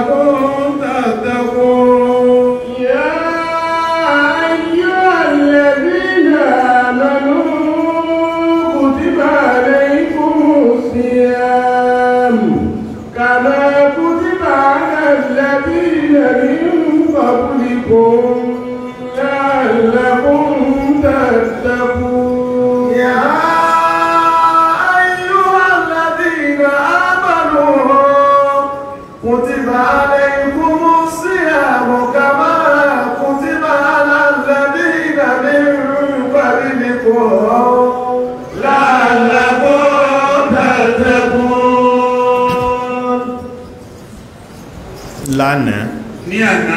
amor. lánàá ní àná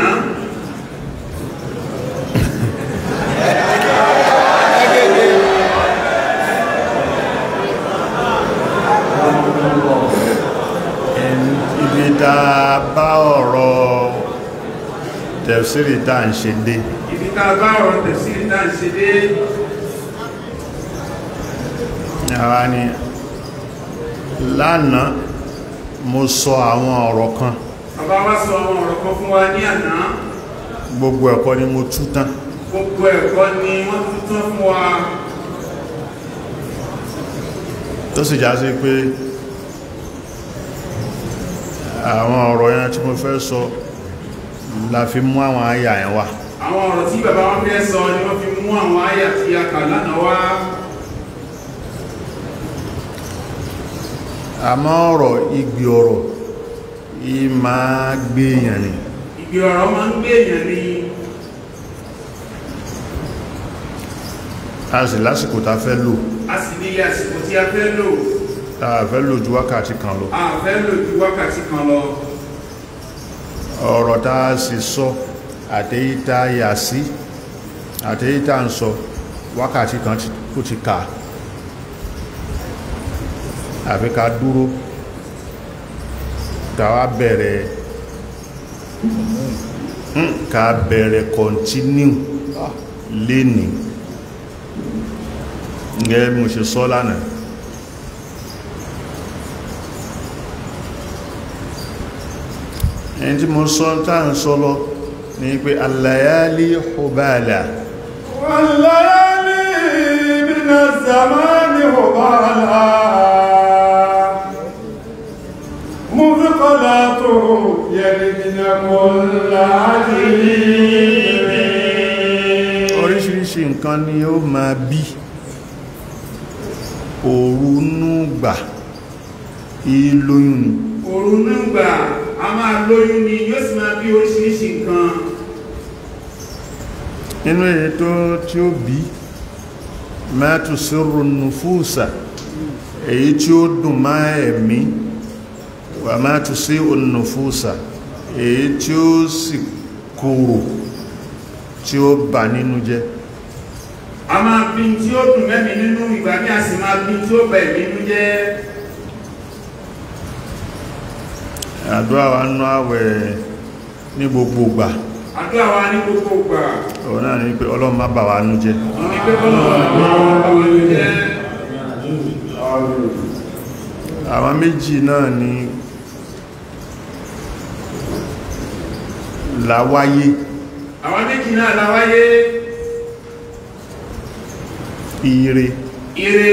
ibi tá a bá ọ̀rọ̀ tẹ̀síri tá ń ṣe dé ibi tá a bá ọ̀rọ̀ tẹ̀síri tá ń ṣe dé àwa ni lánàá mo sọ àwọn ọ̀rọ̀ kan bàbá wá sọ àwọn ọ̀rọ̀ kan fún wa ní àná gbogbo ẹ̀kọ́ ni mo tú tán gbogbo ẹ̀kọ́ ni wọ́n tú tán fún wa tó sì já sí pé àwọn ọ̀rọ̀ yẹn tí mo fẹ́ sọ la fi mú àwọn àyà yẹn wá àwọn ọ̀rọ̀ tí bàbá wọn fẹ́ sọ ni wọ́n fi mú àwọn àyà tí a kà lánàá wá àmọ́ ọ̀rọ̀ ìgbì ọ̀rọ̀ yí máa gbé èèyàn ni ìgbé ọ̀rọ̀ máa ń gbé èèyàn ni a sì lásìkò ta fẹ́ lò a sì ní àsìkò tí a fẹ́ lò a fẹ́ lò ju wákàtí kan lọ a fẹ́ lò ju wákàtí kan lọ ọ̀rọ̀ tá a sì sọ àtẹ́yí yà sí àtẹ́yí ń sọ wákàtí kan ó ti kà àfi ká dúró tàwa bẹ̀rẹ̀ hmm, ká bẹ̀rẹ̀ continue ah, léni gẹ́ mo ṣe sọ lánàá ẹni tí mo sọ táà ń sọ lọ ní pé alayali hubala alayali bin zamani hubala صلاته يلدن كل عزيز oríṣiríṣi nǹkan ni ó máa bí òrùnúgbà ìlóyún ni òrùnúgbà a máa lóyún ni yóò sì máa bí oríṣiríṣi nǹkan nínú èyí tó tí ó bí mẹ́tù sírùn nùfúùsà èyí tí ó dùn máa ẹ̀mí wà máa tù sí ònàfúsà èyí tí ó sì kòrò tí ó bà nínú jẹ́ a máa bí tí ó dùn mẹ́mí nínú ìgbà ní a sì máa bí tí ó bà nínú jẹ́ àdúrà wa nú àwẹ̀ ní gbogbo ìgbà àdúrà wa ní gbogbo ìgbà ọ̀rọ̀ náà ni pé ọlọ́run má bà wá nú jẹ́ àwọn méjì náà ni láwáyé àwọn méjì náà láwáyé ire ire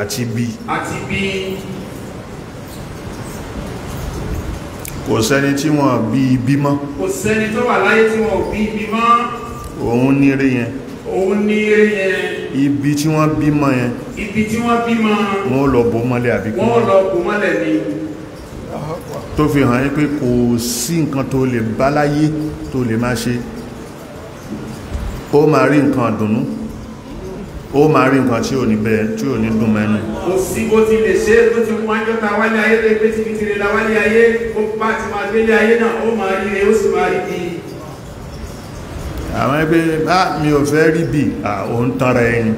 àti bí àti bí kò sẹ́ni tí wọ́n bí ibi mọ́ kò sẹ́ni tó wà láyé tí wọ́n bí ibi mọ́ òun ní ire yẹn òun ní ire yẹn ibi tí wọ́n bímọ yẹn ibi tí wọ́n bímọ wọ́n lọ bò mọ́lẹ̀ àbíkú wọ́n lọ bò mọ́lẹ̀ ni tó fi hàn yí pé kò sí nǹkan tó lè bá láyé tó lè má ṣe ó máa rí nǹkan dùnú ó máa rí nǹkan tí ò ní bẹ tí ò ní dùn mẹ́nu. kò sí bó ti lè ṣe tó ti wọ́n jọ ta wálé ayé lè gbé tìrìtìrì la wálé ayé ó bá ti máa gbélé ayé náà ó máa rí rẹ ó sì máa rí bí. àwọn ẹgbẹ́ bá mi ò fẹ́ rí bí òun tanra ẹni.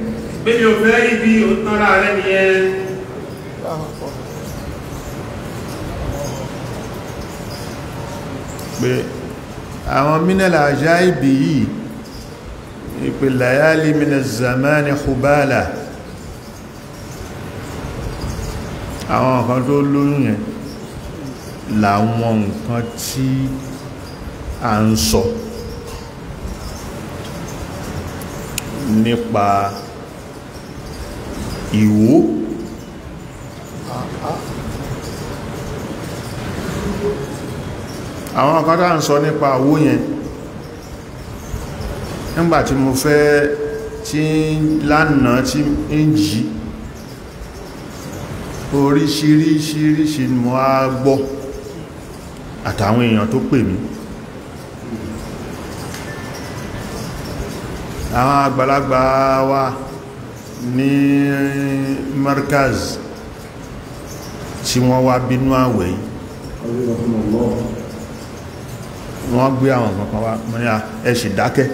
mi ò fẹ́ rí bí òun tanra rẹ nìyẹn. pé àwọn mínàlá àjá ìbì yìí ìpè làyálì mínà zamani hubala àwọn nǹkan tó lóyún yẹn làwọn nǹkan tí a ń sọ nípa ìwó ah, ah. àwọn kan tá ń sọ nípa owó yẹn nígbàtí mo fẹ́ tí lánàá tí ń jí oríṣiríṣiríṣi ni mo á gbọ́ àtàwọn èèyàn tó pè mí àwọn àgbàlagbà wa ní markaz tí wọ́n wá bínú àwẹ̀ yìí wọ́n gbé àwọn kankan wá mọ́ ní ẹ sì dákẹ́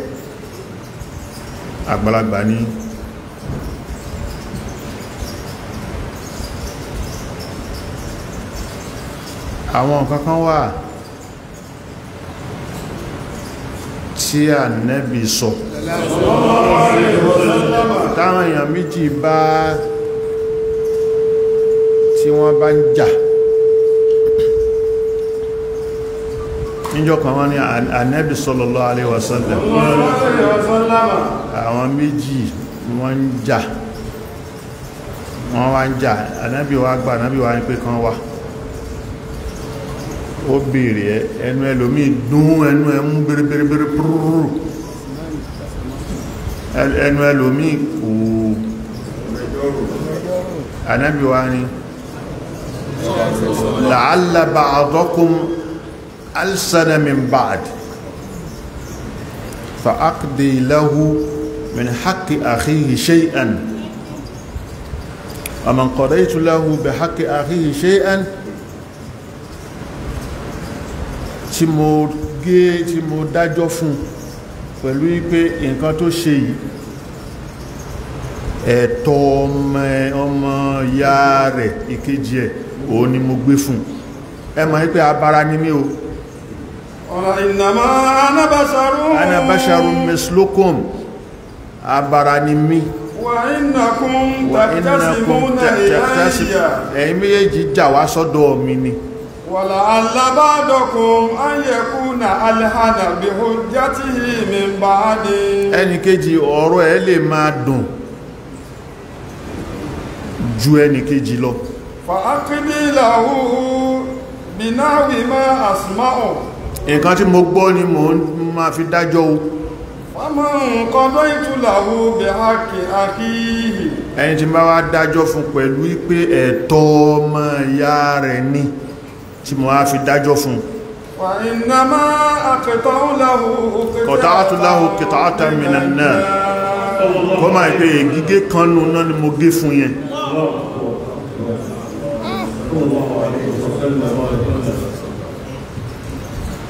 àgbàlagbà ní àwọn kankan wà tí Ànábì sọ táwọn èèyàn méjì bá tí wọ́n bá ń jà níjọ́ kan wọ́n ní anẹ́bì sallallahu alaihi wasallam àwọn méjì wọ́n ń jà wọ́n wá ń jà anẹ́bì wá gbà anẹ́bì wá ń pé kan wá ó bèèrè ẹnu ẹlòmí dún ẹnu ẹmú bèrèbèrè púrúrú ẹnu ẹlòmí kò anẹ́bì wá ní la'alla ba'dakum alsana min ba'd fa aqdi lahu min haqqi akhihi shay'an wa man qadaytu lahu bi haqqi akhihi shay'an tí mo gé tí mo dájọ́ fún pẹ̀lú wípé nǹkan tó ṣe yìí ẹ̀tọ́ ọmọ ọmọ ya rẹ̀ ìkejì ẹ̀ òun ni mo gbé fún ẹ mọ̀ wípé abara ni mí o قال إنما أنا بشر أنا بشر مثلكم أبراني وإنكم تكتسبون إلي ẹ̀yin méjèèjì jà wá sọ́dọ̀ mi ni ولعل بعضكم أن يكون ألحن بحجته من بعد ẹnìkejì ọ̀rọ̀ ẹ̀ lè máa dùn ju ẹnìkejì lọ. فأقبله بنحو ما أسمعه nǹkan tí mo gbọ́ ni mo máa fi dájọ́ o ẹni tí bá wá dájọ́ fún pẹ̀lú pé ẹ̀tọ́ ọmọ ìyá rẹ̀ ni tí mo wá fi dájọ́ fún kọ̀tàátùláhù kìtàátà mìíràn náà kọ́ máa pé gígé kanú náà ni mo gé fún yẹn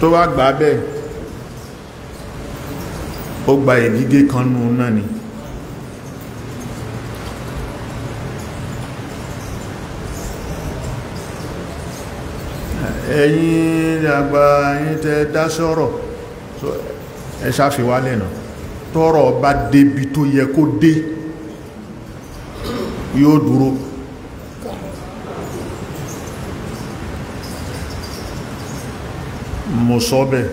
tó wá gbà bẹ́ẹ̀ ó gba ìdígé kan nù náà ni ẹ̀yin àgbà yín tẹ́ dá sọ́rọ̀ ẹ ṣàfiwálẹ̀ náà tọ́rọ̀ bá débi tó yẹ kó dé yóò dúró mo sọ bẹ́ẹ̀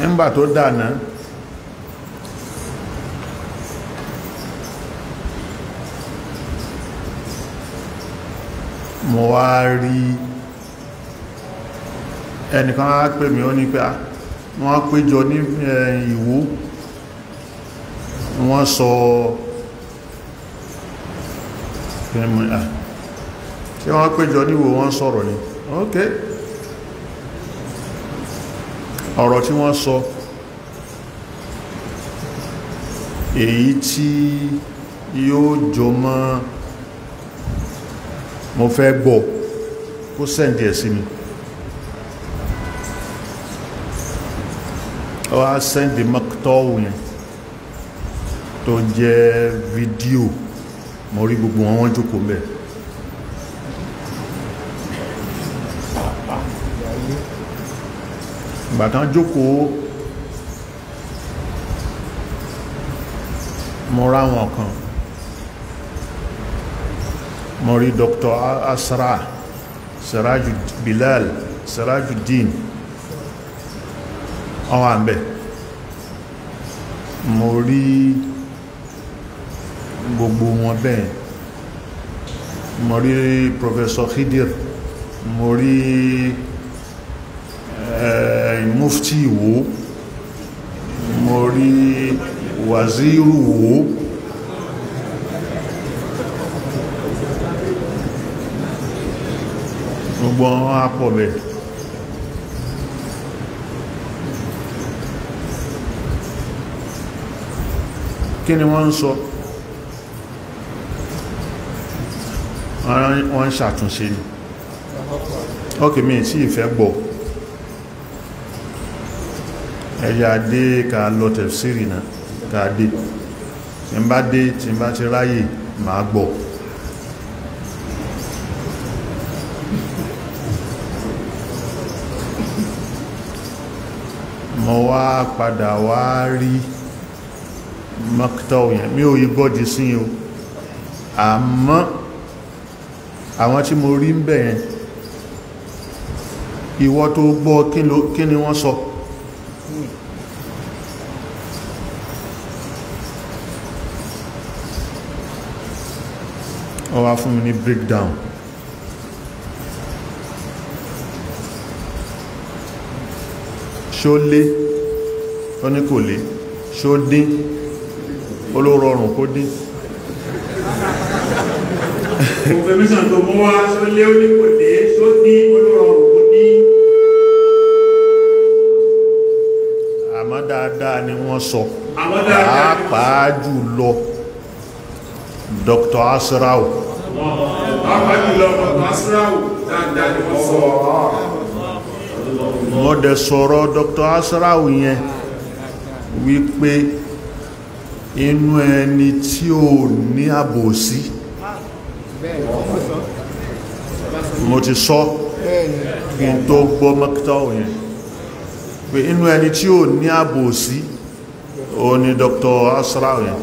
nígbà tó dànà mo wá rí ẹnìkan á pè mí ó ní pé ah, tí wọ́n péjọ níwò wọ́n sọ̀rọ̀ ni ok ọ̀rọ̀ tí wọ́n sọ èyí tí yóò jọ mọ́ mo fẹ́ gbọ́ kó sẹ́ǹdì ẹ̀ sí mi wá sẹ́ǹdì mọ́kútọ́wù yẹn tó jẹ́ fídíò mo rí gbogbo wọn wọ́n jókòó mẹ́rin gbàtán jókòó mo ra wọn kan mo rí dr asra siraju bilal siraju din ọwọ́ àmbẹ̀ mo rí gbogbo wọn bẹ́ẹ̀ mo rí professor khidir mo rí mufti wo mo rí wàzírù wo gbogbo wọn á pọ̀ bẹ̀ kí ni wọ́n ń sọ wọ́n ń ṣàtúnṣe ni ok mi sí ìfẹ́ gbọ́ ẹ̀yà dé ká lọ tẹ̀fsírì náà ká dé tí n bá dé tí n bá ti ráyè máa gbọ́ mo wá padà wá rí mọ́kítọ́ yẹn mi ò yí gọ́dì sí o àmọ́ àwọn tí mo rí ń bẹ̀ yẹn tó gbọ́ kí ni wọ́n sọ so. wá fún mi ní breakdown ṣó lé ó ní kò lé ṣó dín ó ló rọrùn kó dín confirmation tó mú wá ṣó lé ó ó ló rọrùn kó dín àmọ́ dáadáa ni wọ́n sọ pàápàá jù lọ Dr. Asrau pápájùlọ asrawo dáadáa ni wọ́n sọ wọ́n dẹ̀ sọ̀rọ̀ Dr. asrawo yẹn wípé inú ẹni tí ò ní àbòsí mo ti sọ kí n tó gbọ́ mọ́kítà òyìn pé inú ẹni tí ò ní àbòsí ó ní Dr. asrawo yẹn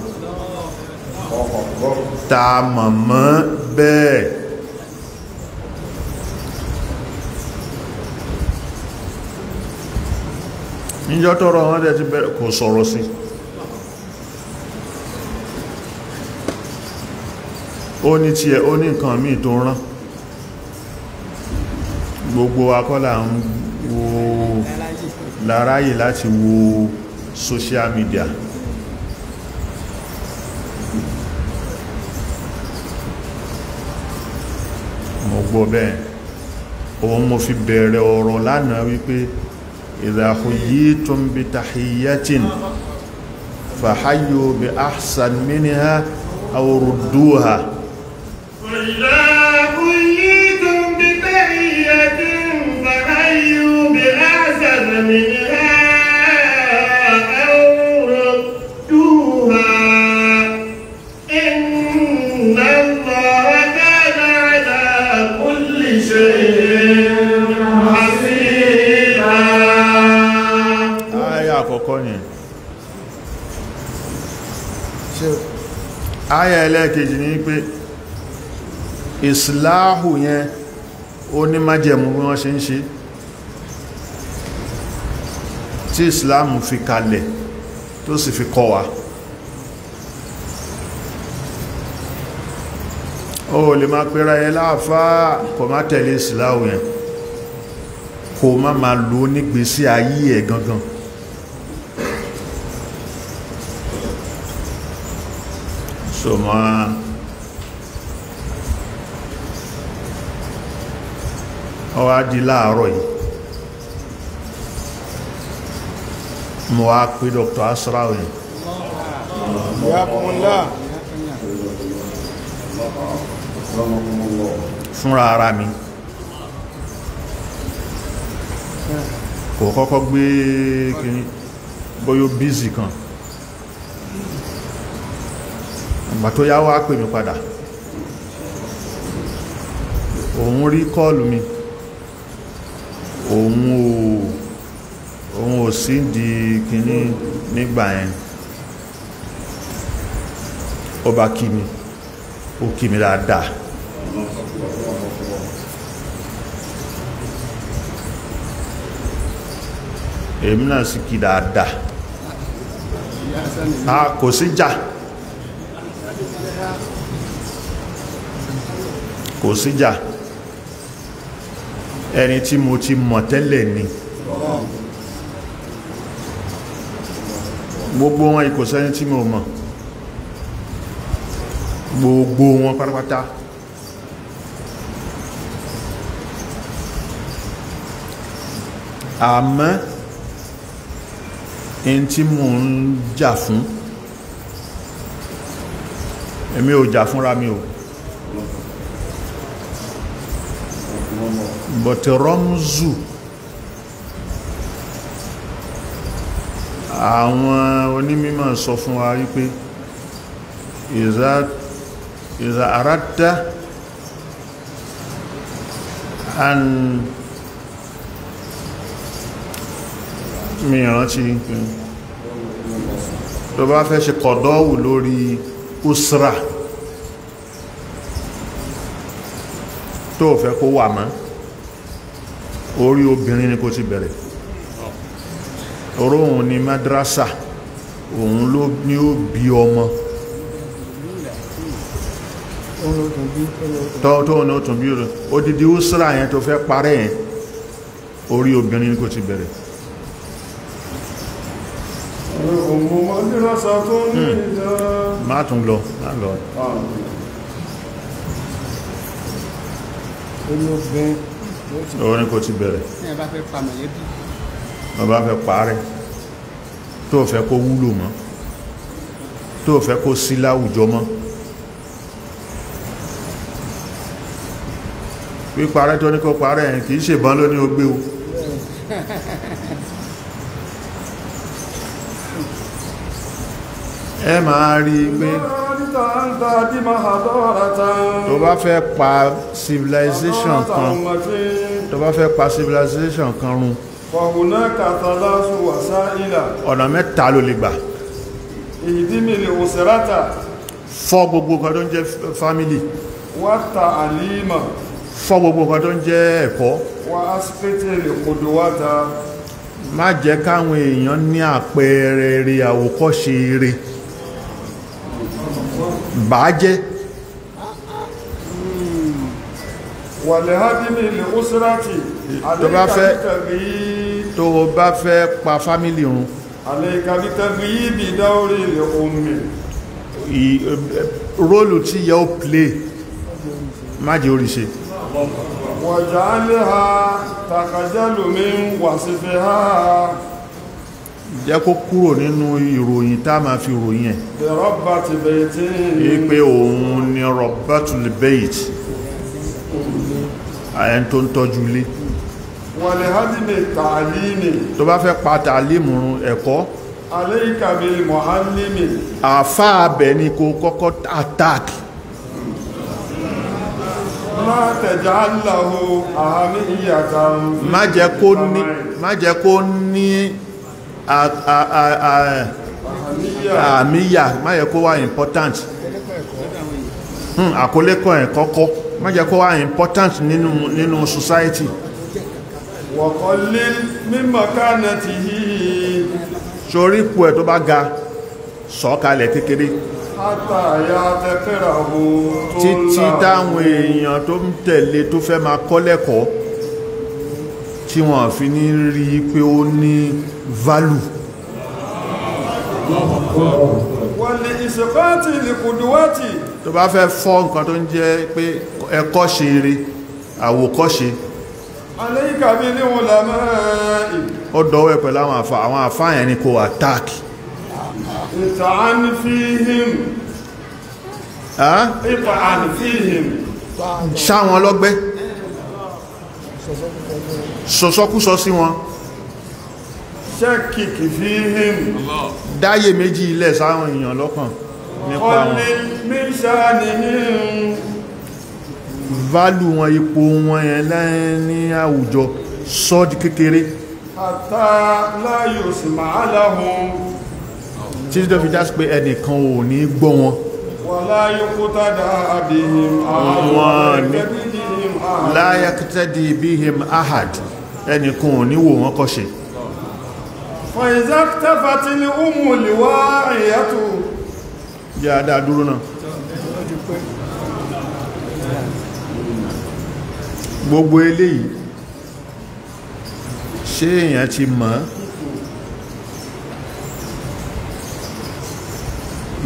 ta mọ̀mọ́ bẹ́ẹ̀ níjọ́ tọrọ wọn dẹ̀ ti bẹ̀rẹ̀ kò sọ̀rọ̀ sí ó ní tiẹ̀ ó ní nǹkan míì tó rán gbogbo akọ́là ń wo láráyè láti wo social media gbọ́ bẹ́ẹ̀ òun mo fi bẹ̀rẹ̀ ọ̀rọ̀ lánàá wípé idha huyyitum bi tahiyyatin fahayyu bi ahsan minha aw rudduha Thank you. Aya àkọ́kọ́ ni. Aya ẹlẹ́ẹ̀kejì ni pé ìsìláhù yẹn ó ní májẹ̀mú bí wọ́n ṣe ń ṣe tí ìsìláhù fi kalẹ̀ tó sì fi kọ́ wa. o lè máa pẹ́ra ẹ láàfáà kò má tẹ̀lé ìsìláwò yẹn kò má máa lò ó nígbésí ayé ẹ̀ gangan so máa ọwá di láàárọ̀ yìí mo wá pé Dr. Asrawi. Yeah, fúnra ara mi kò kọ́kọ́ gbé kìíní bóyó bízì kan ìgbà tó yá wá pè mí padà òun rí kọ́ọ̀lù mi òun ò òun ò sí di kìíní nígbà yẹn ó bá kí mi ó kí mi dáadáa èmi náà sì kí dáadáa a kò sí jà kò sí jà ẹni tí mo ti mọ̀ tẹ́lẹ̀ ni gbogbo wọn ìkòsẹ́ni tí mo mọ̀ gbogbo wọn pátápátá àmọ́ ẹni tí mò ń jà fún èmi ò jà fúnra mi o but rọ́mùzù àwọn onímọ̀ sọ fún wa wípé ìzà àrádá and mi rántí tó bá fẹ́ ṣe kọ̀dọ́wù lórí usra tó fẹ́ kó wà mọ́ orí obìnrin ni kò ti bẹ̀rẹ̀ oróhun ni madrasa òun ló ní ó bí ọmọ tọ́ọ̀tọ́ ọ̀nà ó tún bí ó dídí usra yẹn tó fẹ́ parẹ́ yẹn orí obìnrin ni kò ti bẹ̀rẹ̀ mo mọ́ ní lọ́sọ tó ní ìjọ má tún lọ má lọ orin kò ti bẹ̀rẹ̀ ọba fẹ́ parẹ́ tó fẹ́ kó wúlò mọ́ tó fẹ́ kó sí láwùjọ mọ́ píparẹ́ tó ní kó parẹ́ kìí ṣèbọn lóní ogbé o ẹ máa rí i pé tó bá fẹ́ pa civilization kan tó bá fẹ́ pa civilization kan run ọ̀nà mẹ́ta ló lè gbà ìdímìlì òsèrátà fọ́ gbogbo kan tó ń jẹ́ family wata alima fọ́ gbogbo kan tó ń jẹ́ ẹ̀kọ́ wa aspetele kodowata má jẹ́ káwọn èèyàn ní àpẹẹrẹ rere àwòkọ́ṣe rere bàá jẹ́ wàlẹ̀ hábílì ilẹ̀ òsìrátì àlẹ́kàlítàrí tó bá fẹ́ pa fámílì run àlẹ́kàlítàrí ibi dáórí ilẹ̀ omi róòlù tí yẹ ó plé májì oríṣẹ́ wàjá alẹ́ ha takàjálùmí wàsífẹ́ ha jẹ́ kó kúrò nínú ìròyìn tá máa fi ròyìn ẹ̀ ipe òun ni rọ̀bátùlì bẹ́ẹ̀tì àyẹn tó ń tọ́jú ilé wọ́n lè hádìmẹ̀ tààlìmì tó bá fẹ́ pa tààlìmù ẹ̀kọ́ aléìkàbí mọ̀hálìmì àfá abẹ̀ ni kó kọ́kọ́ àtàkì má jẹ́ kó ní àmìyà má yẹ kó wá important hmm, àkólẹ́kọ̀ ẹ̀ kọ́kọ́ má jẹ́ kó wá important nínú nínú society wọ̀kọ́lé mímọ̀ káànà ti yí ṣorí pù ẹ̀ tó bá ga sọ́kalẹ̀ kékeré títí táwọn èèyàn tó ń tẹ̀lé tó fẹ́ máa kọ́lẹ́kọ̀ọ́ tí wọ́n fi ní rí pé ó ní value wọ̀lẹ̀ ìṣẹ̀kọ́tì lìkùdùwọ́tì tó bá fẹ́ fọ́ nǹkan tó ń jẹ́ pé ẹkọ́ ṣe eré àwòkọ́ ṣe aléìkàbí níwọ̀n lámàáì ó dọ́wọ́ ẹ̀ pẹ̀lú àwọn àfà àwọn àfà yẹn ni kò àtàkì ìtàánì fíhìm ṣáwọn ọlọ́gbẹ́ sọ̀sọ́kúsọ sí wọn ṣẹ́kìkì fi hìm dáyé méjì ilẹ̀ sáwọn èèyàn lọ́kàn nípa wọn válù wọn ipò wọn yẹn lẹ́yìn ní àwùjọ sọ́dì kékeré àtàláyò sì máa láhùn títí tó fi dá sí pé ẹnìkan ò ní gbọ́ wọn wà láyé kó tàdá àbìyàn àwọn ẹgbẹ̀rẹ̀ la yaktadi bihim ahad ẹnìkan ò ní wò wọ́n kọ́ṣe fa iza ktafati li umu liwa'iyatu jẹ́ àdá dúró náà gbogbo eléyìí ṣé èèyàn ti mọ̀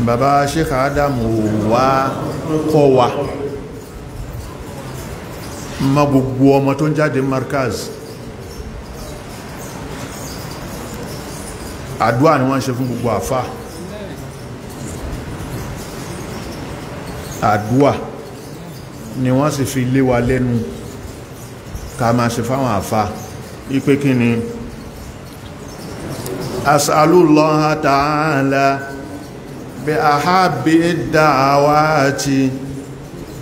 bàbá Sheikh Adam wá kọ́ wa. Kowa ma gbogbo ọmọ tó ń jáde markaz àdúrà ni wọ́n ń ṣe fún gbogbo àfá àdúrà ni wọ́n sì fi lé wa lẹ́nu ká máa ṣe fáwọn àfá ipé kí ni as'alullaha ta'ala bi ahabbi da'awati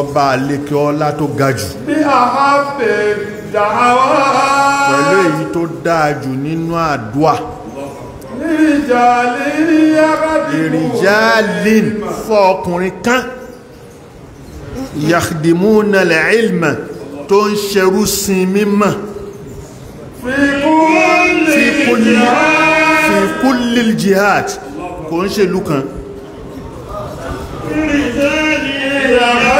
ọba àlekè ọlá tó ga jù. bí àwa fè dà wá. pẹ̀lú èyí tó dáa jù nínú àdúà. ìrìjálìn fún ọkùnrin kan yàkdìmúnà lẹ́ẹ̀lmà tó ń ṣerú sin mímọ̀ fi kúlì jihad kò ń ṣe lúkan. ìrìjálìn yàrá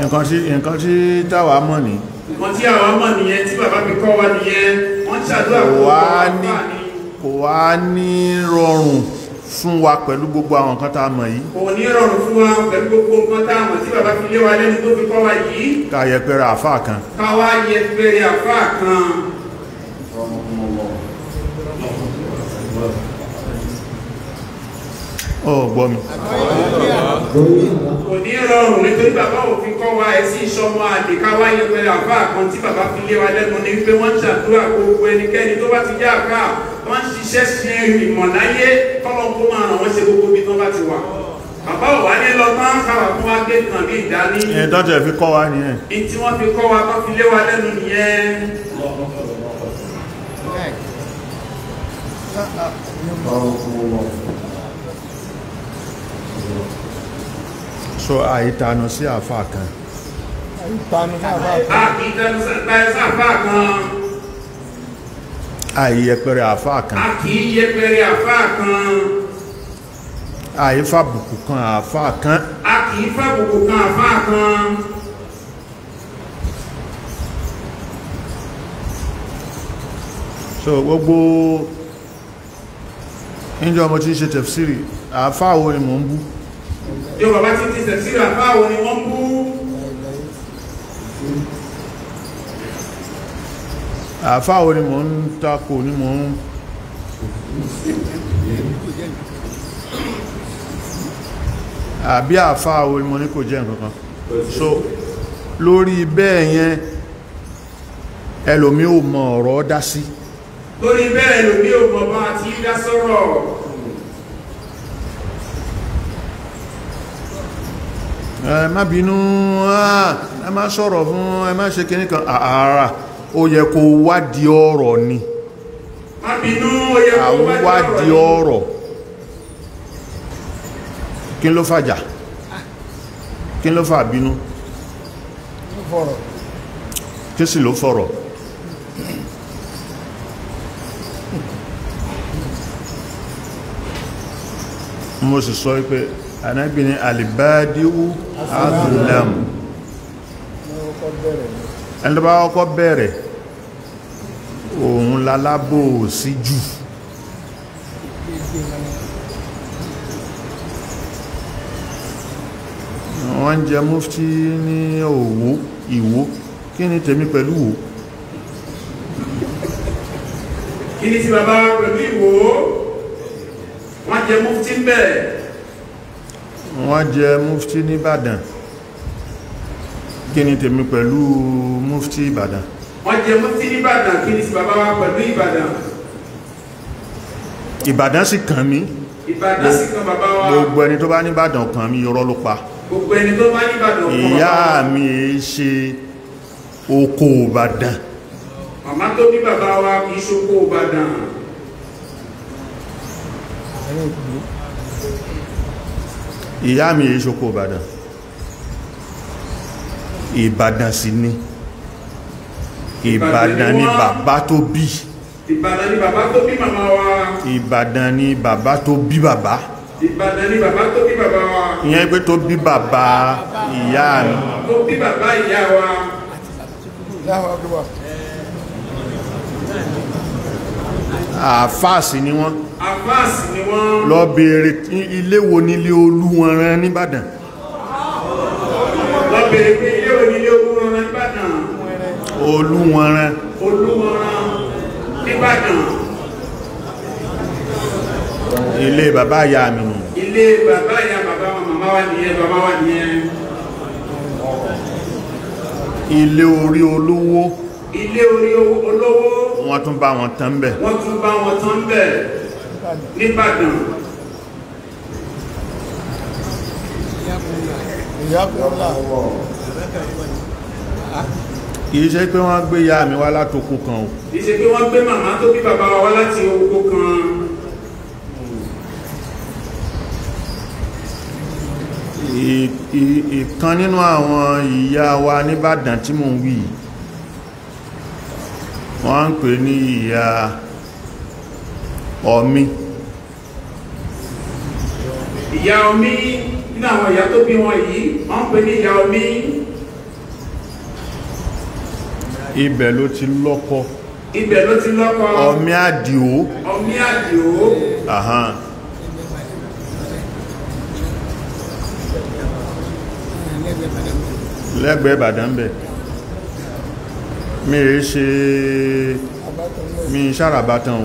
nǹkan tí nǹkan tí táwa mọ̀ ní nǹkan tí àwọn mọ̀ nìyẹn tí bàbá mi kọ́ wa nìyẹn wọ́n ṣàdúrà kó wá ní kò wá ní rọrùn fún wa pẹ̀lú gbogbo àwọn nǹkan tá a mọ̀ yìí kò ní rọrùn fún wa pẹ̀lú gbogbo nǹkan tá a mọ̀ tí bàbá fi lé wa lẹ́nu tó fi kọ́ wa yìí ká yẹpẹrẹ àfáà kan ká wá yẹpẹrẹ àfáà kan ọ̀gbọ́ mi kò ní rọrùn nítorí bàbá òfin kọ́ wa ẹ̀ sí ìṣọmọ àdìkáwá yẹpẹrẹ àbá kan tí bàbá fi lé wa lẹ́nu ni wípé wọ́n ń ṣàdúrà gbogbo ẹnikẹ́ni tó bá ti jẹ́ àká wọ́n ń ṣiṣẹ́ ṣe ìmọ̀ láyé kọ́lọ́ kó máa ràn wọ́n ṣe gbogbo ibi tó bá ti wà bàbá ò wá ní lọ máa ń sábà fún wa gbé kan bí ìdání. ẹ dọ́jọ́ ẹ fi kọ́ wa nìyẹn. ní tí wọ́n fi kọ́ wa tó fi lé wa lẹ́nu nìyẹn so àìtanu sí àfà kan àìtanu sáfà kan àìyẹpẹrẹ àfà kan àìyẹpẹrẹ àfà kan àìfàbùkù kan àfà kan àìfàbùkù kan àfà kan so gbogbo níjọ́ mo ti ń ṣe tẹ̀fsìrì àfà wo ni mò ń bú yóò bàbá ti ti tẹ̀sí rà báwo ni wọ́n bú. àfáwo ni mò ń takò ni mò ń. àbí àfáwo ni mo ní kò jẹ́ nǹkan kan so lórí bẹ́ẹ̀ yẹn ẹlòmí ò mọ ọ̀rọ̀ dá sí. lórí bẹ́ẹ̀ ẹlòmí ò mọ bá a ti dá sọ́rọ̀. ẹ má bínú ah, ẹ má sọ̀rọ̀ fún ẹ má ṣe kíní kan ààrà ah, ó yẹ kó wádìí ọ̀rọ̀ ni má bínú ó yẹ kó wádìí ọ̀rọ̀ kí ló fàjà ah. kí ló fà bínú kí sì ló fọ̀rọ̀ mo sì sọ pé anábì ni alibadiu azlam ẹni tó bá kọ́kọ́ bẹ̀rẹ̀ òun lalábò sí jù wọ́n jẹ mufti ní òwò ìwò kí ni tèmi pẹ̀lú wò kí ni sí bàbá pẹ̀lú ìwò wọ́n jẹ mufti bẹ́ẹ̀ wọ́n jẹ mufti ní Ìbàdàn kí ni tèmi pẹ̀lú mufti Ìbàdàn wọ́n jẹ mufti ní Ìbàdàn kí ni sí bàbá wa pẹ̀lú Ìbàdàn Ìbàdàn sì kàn mí Ìbàdàn sì kàn bàbá wa gbogbo ẹni tó bá ní Ìbàdàn kàn mí irọ́ ló pa gbogbo ẹni tó bá ní Ìbàdàn kàn bàbá ìyá mi èé ṣe oko Ìbàdàn màmá tó bí bàbá wa kì í ṣoko Ìbàdàn ìyá mi yìí ṣokó ìbàdàn ìbàdàn sì ni ìbàdàn ni bàbá tó bí ìbàdàn ni bàbá tó bí màmá wa ìbàdàn ni bàbá tó bí bàbá ìbàdàn ni bàbá tó bí bàbá wa ìyẹn pé tó bí bàbá ìyá mi tó bí bàbá ìyá wa àfáàsì ni wọ́n àfáàsì ni wọ́n lọ bèèrè ilé wo nílé olú wọn rán nìbàdàn lọ bèèrè ilé wo nílé olú wọn rán nìbàdàn olú wọn rán olú wọn rán nìbàdàn ilé bàbá ìyá mi nù ilé bàbá ìyá bàbá wọn màmá wà nìyẹn bàbá wà nìyẹn ilé orí olówó ilé orí olówó wọ́n tún bá wọn tán bẹ̀ wọ́n tún bá wọn tán bẹ̀ níbàdàn kìí ṣe pé wọ́n gbé ya mi wá látòkú kan o kìí ṣe pé wọ́n gbé màmá tó bí bàbá wa láti oko kan ìkan nínú àwọn ìyá wa níbàdàn tí mò ń wí yìí wọ́n ń pè ní ìyá ọmí ìyá ọmí nínú àwọn ìyá tó bí wọn yìí wọ́n ń pè ní ìyá ọmí ibẹ̀ ló ti lọ́kọ ibẹ̀ ló ti lọ́kọ ọmí àdìó ọmí àdìó ahán lẹ́gbẹ̀ẹ́ Ìbàdàn mi rí ṣe mi ṣàràbátàn o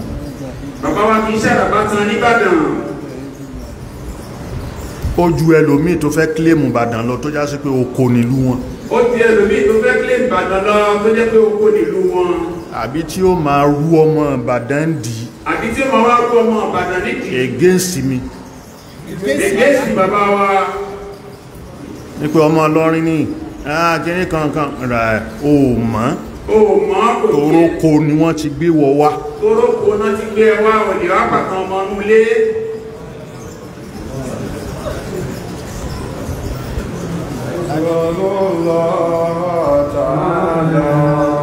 bàbá wa kì í ṣàràbátàn nígbàdàn ojú ẹlòmíì tó fẹ́ kílèmù Ìbàdàn lọ tó já sí pé oko nílùú wọn ojú ẹlòmíì tó fẹ́ kílèmù Ìbàdàn lọ tó jẹ́ pé oko nílùú wọn àbí tí ó máa rú ọmọ Ìbàdàn dì àbí tí ó máa rú ọmọ Ìbàdàn nídìí against mi against bàbá wa ní pé ọmọ ọlọ́rin ní ah, ààkiri kankan rà ó mọ́ toroko ni wọ́n ti gbé wọ wá toroko náà ti gbé wá òdì wákàtàn ọmọ nulé Allah Allah ta'ala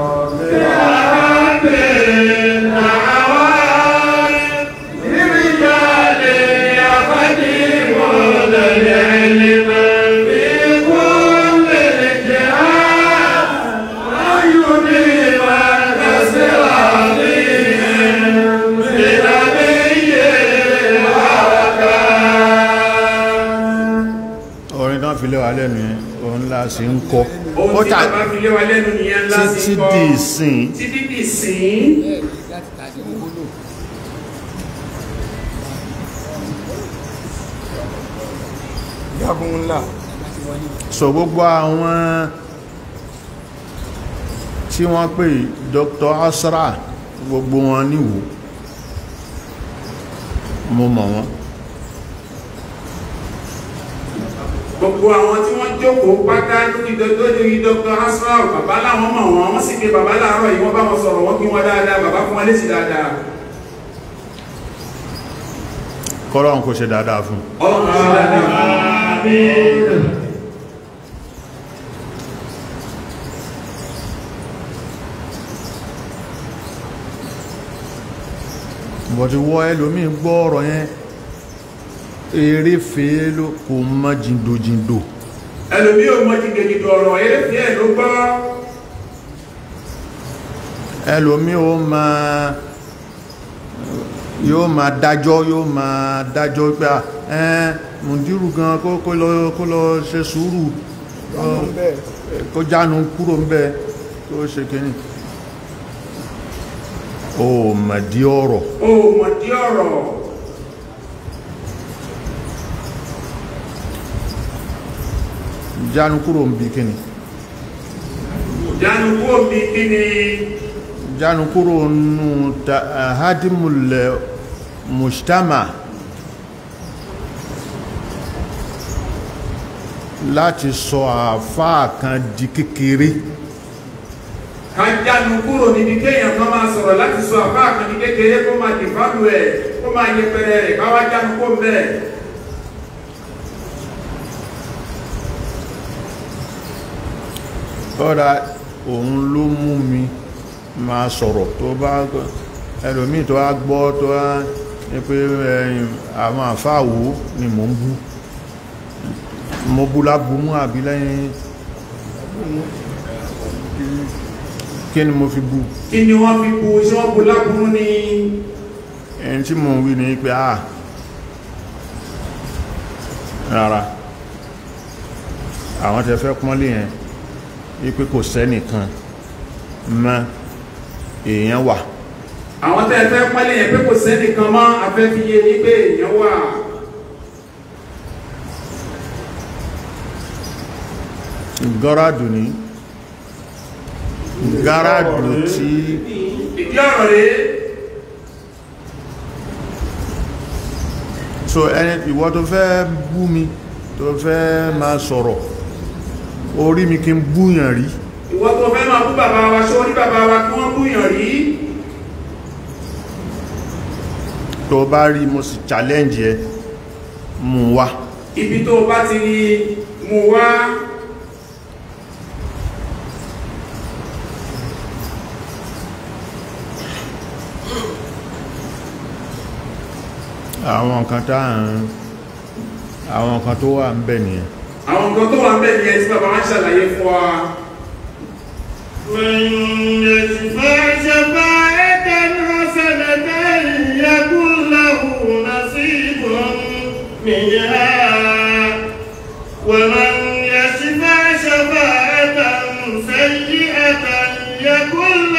fi lé wa lẹ́nu yẹn òun la sì ń kọ́ ó tà títí di ìsìn so gbogbo àwọn tí wọ́n pè Dr. Asra gbogbo wọn níwò mo mọ̀ wọ́n gbogbo àwọn tí wọ́n jókòó pátá lórí dr asraf bàbá làwọn mọ̀ wọn wọ́n sì pé bàbá láàárọ̀ yìí wọ́n bá wọn sọ̀rọ̀ wọ́n kí wọn dáadáa bàbá fún wọn lésì dáadáa. kọ́lọ́ ọ̀hún kò ṣe dáadáa fún. bọ̀dí wọ́ ẹlòmíì gbọ́ ọ̀rọ̀ yẹn eré fèé ló kò mọ jìndòjìndò. ẹlòmíì ò mọ jìndòjìndò ọ̀rọ̀ eré fèé ló gbọ́. ẹlòmíì ò mọ yóò máa dájọ́ yóò máa dájọ́ pé ẹn mùdírù gan kó lọ kó lọ ṣe sùúrù kó jánu kúrò ń bẹ tó ṣe kínní o mọ̀ dí ọ̀rọ̀ o mọ̀ dí ọ̀rọ̀ ìjánu kúrò ń bi kíni ìjánu kúrò ń bi kíni ìjánu kúrò nù eh, hadimulẹ̀ mujtama láti sọ àfáà kan di kékeré kájánu kúrò níbi téèyàn kan máa sọ̀rọ̀ láti sọ àfáà kan di kékeré kó máa dìbàlù ẹ̀ kó máa yẹpẹrẹ rẹ̀ káwájánu kó bẹ́ẹ̀ kọ́ra òun ló mú mi máa sọ̀rọ̀ tó bá ẹlòmíì tó wá gbọ́ tó wá ní pé àwọn àfáàwò ni mò ń bú mo bú lábú mú àbí lẹ́yìn kí ni mo fi bú kí ni wọ́n fi bú iṣẹ́ wọ́n bú lábú ni ẹni tí mo wí ní pé àà ah, rárá àwọn tẹ fẹ́ pọ́nlé yẹn wípé kò sẹ́nìkan mọ́ èèyàn wà àwọn tẹ́ fẹ́ pálẹ̀ yẹn pé kò sẹ́nìkan mọ́ afẹ́fíye ní pé èèyàn wà gọ́ràdù ní gọ́ràdù tí ìdí ọ̀rọ̀ rẹ̀ so ẹni ìwọ tó fẹ́ bú mi tó fẹ́ máa sọ̀rọ̀ orí mi kí n búyàn rí ìwọ tó fẹ́ máa bú bàbá wa ṣó ní bàbá wa kí wọ́n búyàn rí tó bá rí mo sì challenge ẹ mú wá ibi tó bá ti rí mú wá àwọn nǹkan tá àwọn nǹkan tó wà ń bẹ nìyẹn àwọn nǹkan tó wà bẹ́ẹ̀ ni ẹ ti bàbá wá ń ṣàlàyé fún wa. ومن يشفع شفاعة سيئة يكن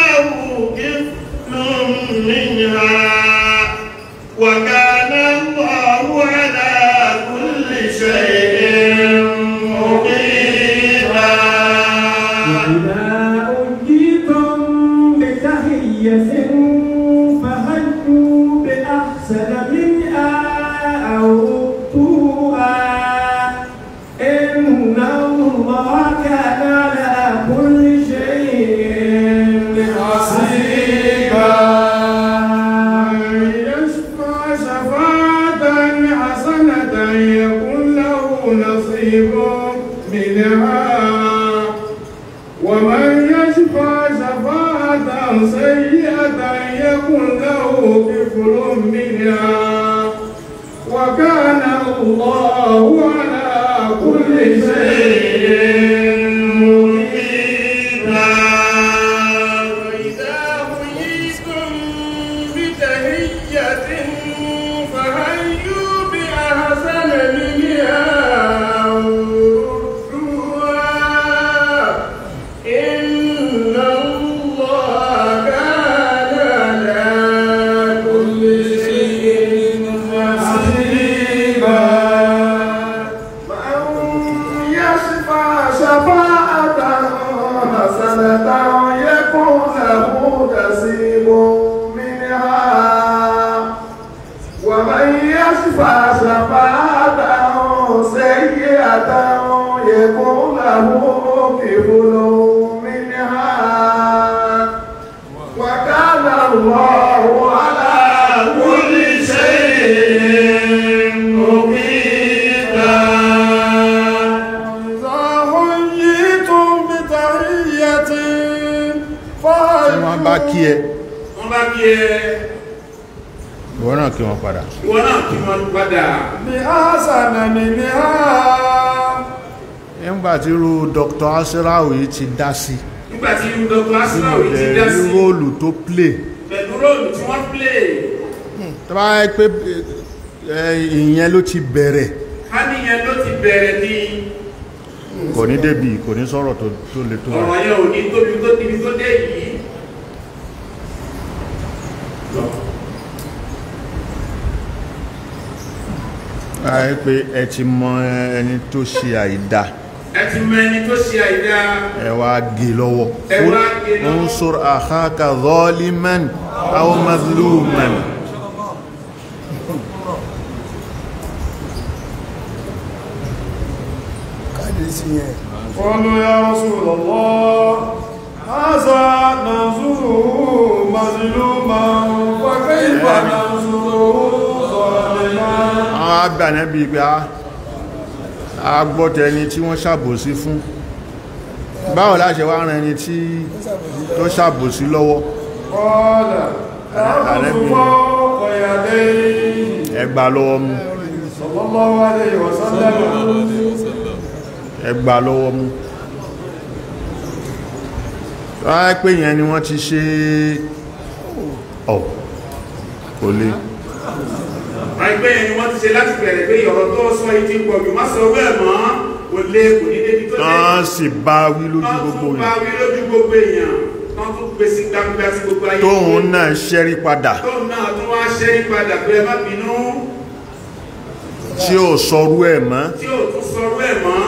kí ẹ wọ́n bá kí ẹ ìwọ náà kí wọ́n padà ìwọ náà kí wọ́n padà ní àásànà ní ní àá nígbàtí irú Dr. Asirawu yìí ti dá sí nígbàtí irú Dr. Asirawu yìí ti dá sí pẹ̀lú róòlù tó play pẹ̀lú róòlù tí wọ́n play hmm. tọ́bá ẹ pé ìyẹn ló ti bẹ̀rẹ̀ ká ní ìyẹn ló ti bẹ̀rẹ̀ ní kò ní débi kò ní sọ̀rọ̀ tó le tó ọ̀rọ̀ yẹn ò ní tóbi tó débi tó débi àyè pé ẹ ti mọ ẹni tó ṣe àìda ẹ ti mọ ẹni tó ṣe àìda ẹ wá gé lọ́wọ́ ẹ wá gé lọ́wọ́ unsur akhaka zaliman aw mazluman. kàdésì yẹn. qalu ya Rasulullah haza nazuru mazluman wa kayfa nazuru àbà nẹ́bí pé a gbọ́tẹ̀ ẹni tí wọ́n ṣàbòsí fún báwo láṣẹ wá ran ẹni tí tó ṣàbòsí lọ́wọ́ ẹgbà lọ́wọ́ mú ẹgbà lọ́wọ́ mú wáyé ni wọ́n ti ṣe ọ̀ kò lè àìpẹ́ yẹn ni wọ́n ti ṣe láti bẹ̀rẹ̀ pé ọ̀rọ̀ tó sọ ìdí pọ̀ jù má sọ bẹ́ẹ̀ mọ́ kò lè kò ní débi tó lè. tán sì bá wí lójú gbogbo èèyàn. tán tún bá wí lójú gbogbo èèyàn tán tún gbé sí gbangba sí gbogbo ayé. tóun náà ṣẹ́rí padà. tóun náà tún wá ṣẹ́rí padà pé ẹ má bínú. tí ò sọrú ẹ̀ mọ́. tí ò tún sọrú ẹ̀ mọ́.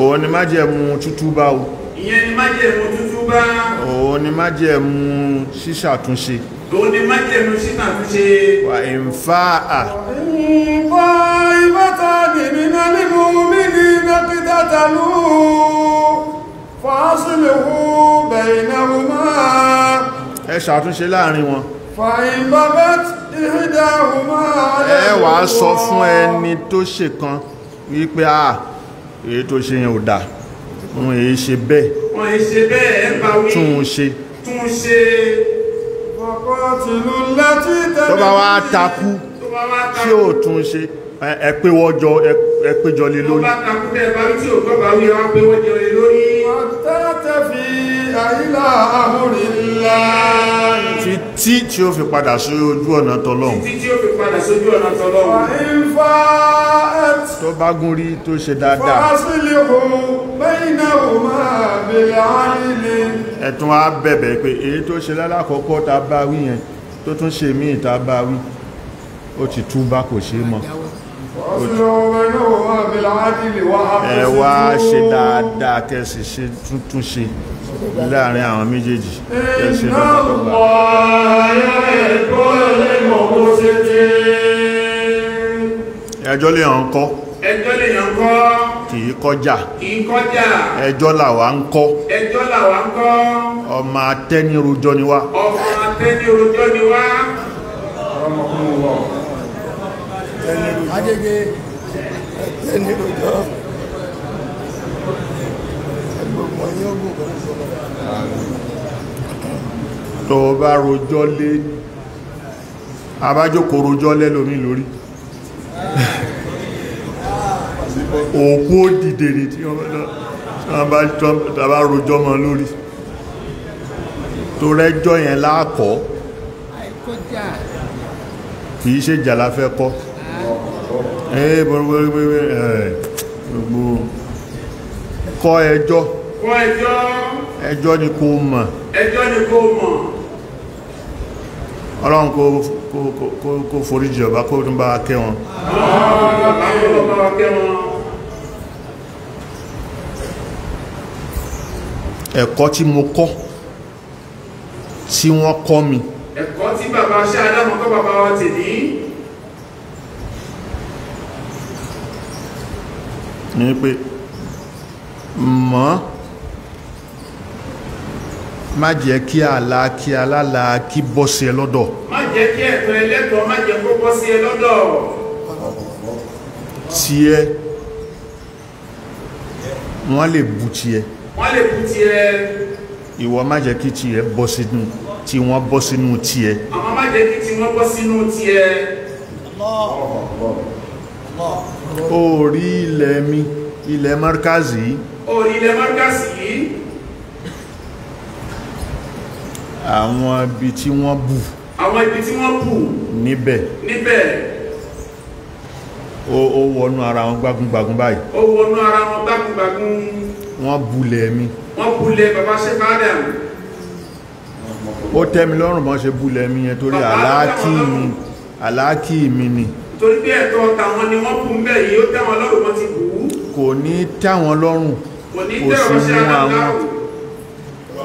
òun ni má jẹ́ mu tútú bá o. ìyẹn ni má jẹ́ mu tútú bá. òun ni má jẹ́ mu ṣíṣàtúnṣe tó ní májẹ̀mú síta fi ṣe wà ń fa à ǹkọ́ ìbátà nìmínà nínú mí ní dókítà tàlú fásílẹ̀wò bẹ̀rẹ̀nàwò máa ẹ ṣàtúnṣe láàrin wọn ẹ wà á sọ fún ẹni tó ṣe kan wípé à èyí tó ṣe yẹn ò dáa wọn èyí ṣe bẹ́ẹ̀ tún un ṣe tó bá wá takú tí ò tún ṣe ẹ pé wọ́n jọ ẹ péjọ lé lórí. tó bá takú bẹ́ẹ̀ bá ń tí ò gbọ́ bá wí ẹ wá pé lórí. wọ́n tẹ́tẹ́ fi ìlà àmúrìnlá títí tí ó fi padà sí ojú ọ̀nà tọ́lọ́hun títí tí ó fi padà sí ojú ọ̀nà tọ́lọ́hun ìfà ẹ̀t tó bá gún rí tó ṣe dáadáa fásílì ohun bẹ́yìnà ohun máa bèèrè àìlè ẹ̀tún á bẹ̀bẹ̀ pé èyí tó ṣe lálákọ̀ọ́kọ́ ta bá wí yẹn tó tún ṣe míì ta bá wí ó ti túbá kò ṣe mọ́ ẹ ṣe dáadáa kẹsì ṣe tuntun ṣe láàrin àwọn méjèèjì ẹ̀ṣẹ́ lọ́pọ̀lọpọ̀ ẹjọ́ lè hàn kọ́ ẹjọ́ lè hàn kọ́ kì í kọjá ẹjọ́ làwa ń kọ́ ọmọ atẹ́nirojọ́ ni wá ọmọ atẹ́nirojọ́ ẹgbẹ̀rún ọyọ́gbọ̀n tó bá rojọ́ lé ní abájókò rojọ́ lẹ́lómi lórí òkú ó dìde ní tí wọ́n bá rojọ́ mọ́ lórí tó rẹ́jọ́ yẹn láàkọ́ kìí ṣe jà láfẹ́ kọ́ ẹ̀ gbogbo kọ́ ẹjọ́ ẹjọ́ ni kò mọ̀ ẹjọ́ ni kò mọ̀ ọlọ́run kó foríjì ọba kó tún bá kẹ́ wọn ẹ̀kọ́ tí mo kọ́ tí wọ́n kọ́ mi ẹ̀kọ́ tí bàbá ṣe adámọ́ kọ́ bàbá wa tè ní ní pé mọ́ má jẹ́ kí àlá kí alála kí bọ́ sí ẹ lọ́dọ̀. má jẹ́ kí ẹ̀tọ́ ẹlẹ́tọ̀ọ́ má jẹ́ kó bọ́ sí ẹ lọ́dọ̀. tiẹ̀ wọ́n lè bu tiẹ̀. wọ́n lè bu tiẹ̀. ìwọ má jẹ́ kí tiẹ̀ bọ́ sínú tí wọ́n bọ́ sínú tiẹ̀. àmọ́ má jẹ́ kí tí wọ́n bọ́ sínú tiẹ̀. ó rí ilẹ̀ mi ilẹ̀ mọ́rkázì. ó rí ilẹ̀ mọ́rkázì yìí. àwọn ibi tí wọ́n bù àwọn ibi tí wọ́n bù níbẹ̀ níbẹ̀ ó wọnú ara wọn gbágúngbágún báyìí ó wọnú ara wọn gbágúngbágún wọ́n bulẹ̀ mi wọ́n bulẹ̀ bàbá ṣe bá dà mí ó tẹ́ mi lọ́rùn bọ́n ṣe bulẹ̀ mi yẹn torí àlákì mi àlákì mi ni torí bí ẹ̀tọ́ tàwọn ni wọ́n bù ń bẹ̀ yìí ó tẹ́ wọn lọ́rùn wọ́n ti bù ú kò ní tẹ́ wọn lọ́rùn kò ní tẹ́ wọn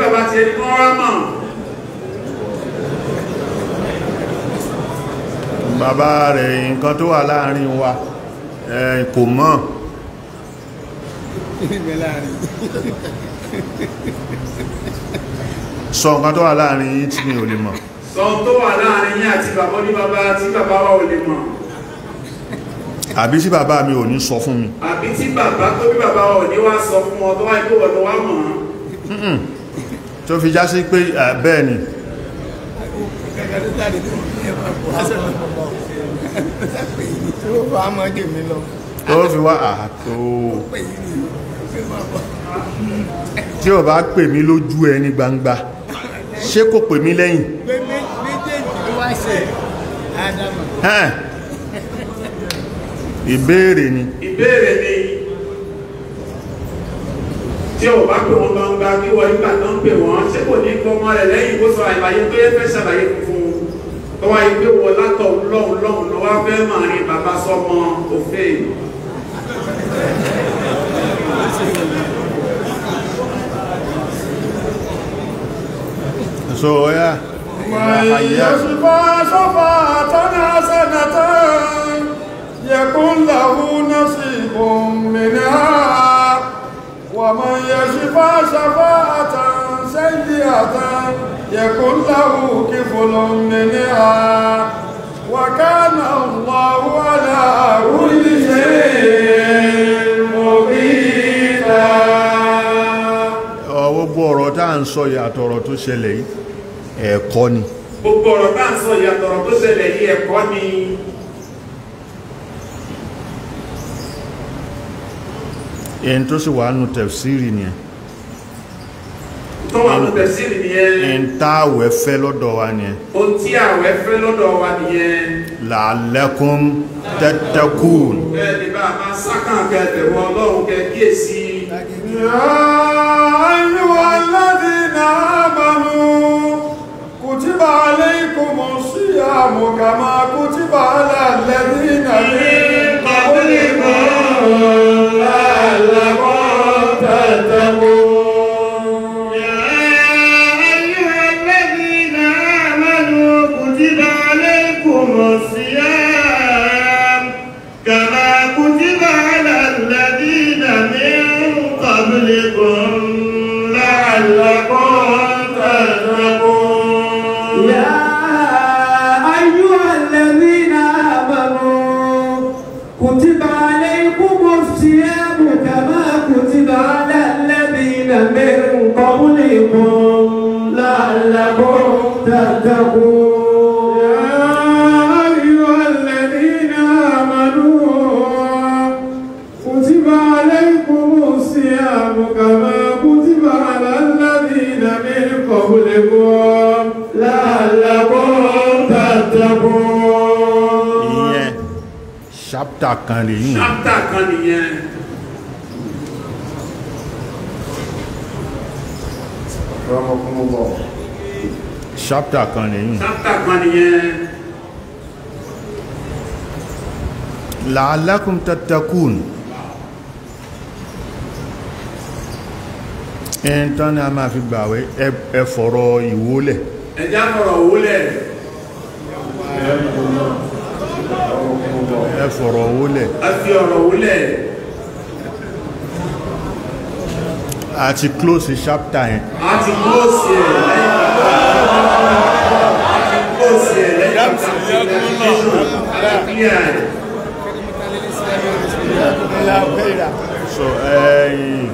bàbá tiẹ̀ ní wọ́n rámọ̀ bàbá rẹ̀ nǹkan tó wà láàrin wa kò mọ̀ sọ nǹkan tó wà láàrin yín tí mi ò lè mọ̀ sọ tó wà láàrin yín àti bàbá ní bàbá tí bàbá wa ò lè mọ̀ àbí tí bàbá mi ò ní sọ fún mi àbí tí bàbá tó bí bàbá ò ní wá sọ fún ọ tó wá ikú ọ̀dọ̀ wá mọ̀ tó fi já sí pé bẹ́ẹ̀ ni tó fi wá àtò tí o bá pè mí lójú ẹ ní gbangba ṣé kò pè mí lẹ́yìn ìbéèrè ni ìbéèrè ni tí o bá pè wọn gbangba kí wọ́n nígbà tó ń pè wọ́n ṣé kò ní gbọ́mọ rẹ̀ lẹ́yìn kó sọ àìbáyé tó yẹ fẹ́ ṣàlàyé fún un tó wá yí pé wọ́n látọ̀ lọ́hùn lọ́hùn ló wá fẹ́ máa rìn bàbá sọmọ òfin. so ya. Yeah. Wàyí yóò ṣùgbọ́n sọ́fà tọ́nà sẹ́nà tán. كل منها وكان الله على كل شيء مقيتا gbogbo ọ̀rọ̀ tá à ń sọ yàtọ̀ ọ̀rọ̀ tó ṣẹlẹ̀ yìí ẹ̀kọ́ ni gbogbo ọ̀rọ̀ tá à ń sọ yàtọ̀ ọ̀rọ̀ tó ṣẹlẹ̀ yìí ẹ̀kọ́ ni èyí tó sì wà nù tẹ̀fsírì nìyẹn tó wà ní tẹ̀sí nìyẹn. ẹn tá àwẹ̀ fẹ́ lọ́dọ̀ wa nìyẹn. ohun tí àwẹ̀ fẹ́ lọ́dọ̀ wa nìyẹn. làálẹ́kùn tẹ́tẹ́kùn. bẹ́ẹ̀ ni bá a máa sákàn kẹ bẹ̀rù ọlọ́run kẹ kíyèsí. ayé wa láti náà bánú kùtìbà alẹ́ ikú mọ̀ sí àmọ̀kàmá kùtìbà alẹ́ àlẹ́ ní nàìjíríà. قبلكم لعلكم تتقون تتقون يا أيها الذين آمنوا كتب عليكم الصيام كما كتب على الذين من قبلكم لعلكم تتقون ìyẹn ṣápítà kan nìyẹn. ṣápítà kan nìyẹn. رحمكم الله ṣápítà kan nìyẹn. ṣápítà kan nìyẹn. la'allakum tattakun ẹn tán ni a máa fi gbàwẹ̀ ẹ fọ̀rọ̀ ìwólẹ̀ ẹjá fọ̀rọ̀ ìwólẹ̀ ẹ fọ̀rọ̀ ìwólẹ̀ ẹ fi ọ̀rọ̀ ìwólẹ̀ àti close chapter yẹn àti close yẹn so eh,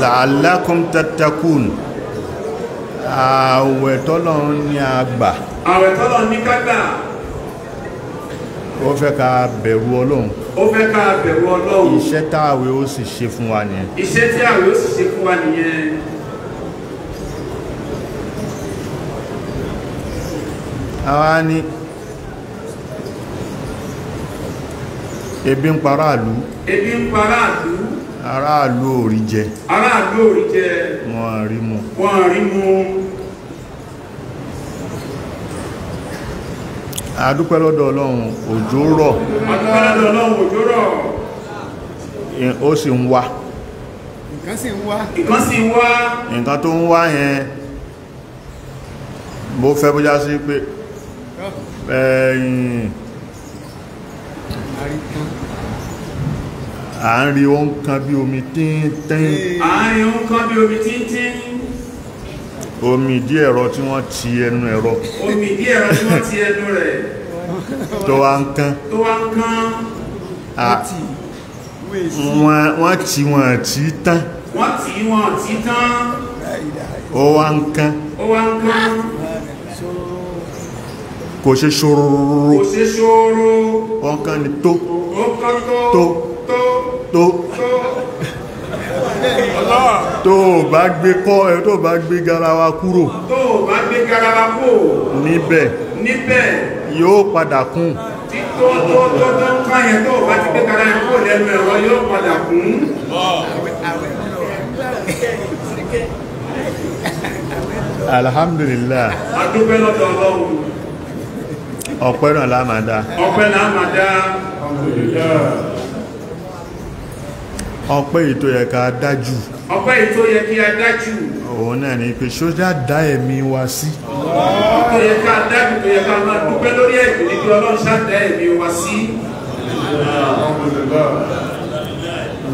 la'allakum tattakun àwẹ̀ tọ́lọ́run ní àgbà àwẹ̀ tọ́lọ́run ní kágbà ó fẹ́ ká bẹ̀rù ọlọ́run ó fẹ́ ká bẹ̀rù ọlọ́run iṣẹ́ táàwẹ̀ ó sì ṣe fún wa nìyẹn iṣẹ́ tí ó sì ṣe fún wa nìyẹn àwọn ní ebi ń para àlú ebi ń para àlú aráàlú ò rí jẹ aráàlú ò rí jẹ wọ́n rí mu wọ́n rí mu àdúpẹ́ lọ́dọ̀ ọlọ́run òjò rọ̀ àdúpẹ́ lọ́dọ̀ ọlọ́run òjò rọ̀ ó sì ń wá nǹkan sì ń wá nǹkan sì ń wá nǹkan tó ń wá yẹn bó fẹ́ bó já sí pé ẹ̀yìn à ń rí ohun kan bí omi tíntín à ń rí ohun kan bí omi tíntín omi ìdí ẹ̀rọ tí wọ́n ti ẹnu ẹ̀rọ omi ìdí ẹ̀rọ tí wọ́n ti ẹnu rẹ̀ tó wá ń kán tó wá ń kán wọ́n tí wọ́n tí tán wọ́n tí wọ́n tí tán ó wá ń kán ó wá ń kán kò ṣe ṣòro kò ṣe ṣòro ọ̀kan ni tó ọ̀kan tó tó tó tó bá gbé kọ́ ẹ tó bá gbé garawa kúrò tó bá gbé garawa kúrò níbẹ̀ níbẹ̀ yóò padà kún tó tó tó tó ń ká yẹn tó bá alhamdulillah lọ́dọ̀ ọlọ́run ọpẹ́ náà la máa dá ọpẹ́ náà máa dá ọpẹ́ ètò yẹ ká dájú ọpẹ́ ètò yẹ kí a dájú òun náà ni pé ṣójá dá ẹ̀mí wa sí ọpẹ́ yẹ ká dájú tó yẹ ká máa dúpẹ́ lórí ẹ̀mí ní pé ọlọ́run ṣá dá ẹ̀mí wa sí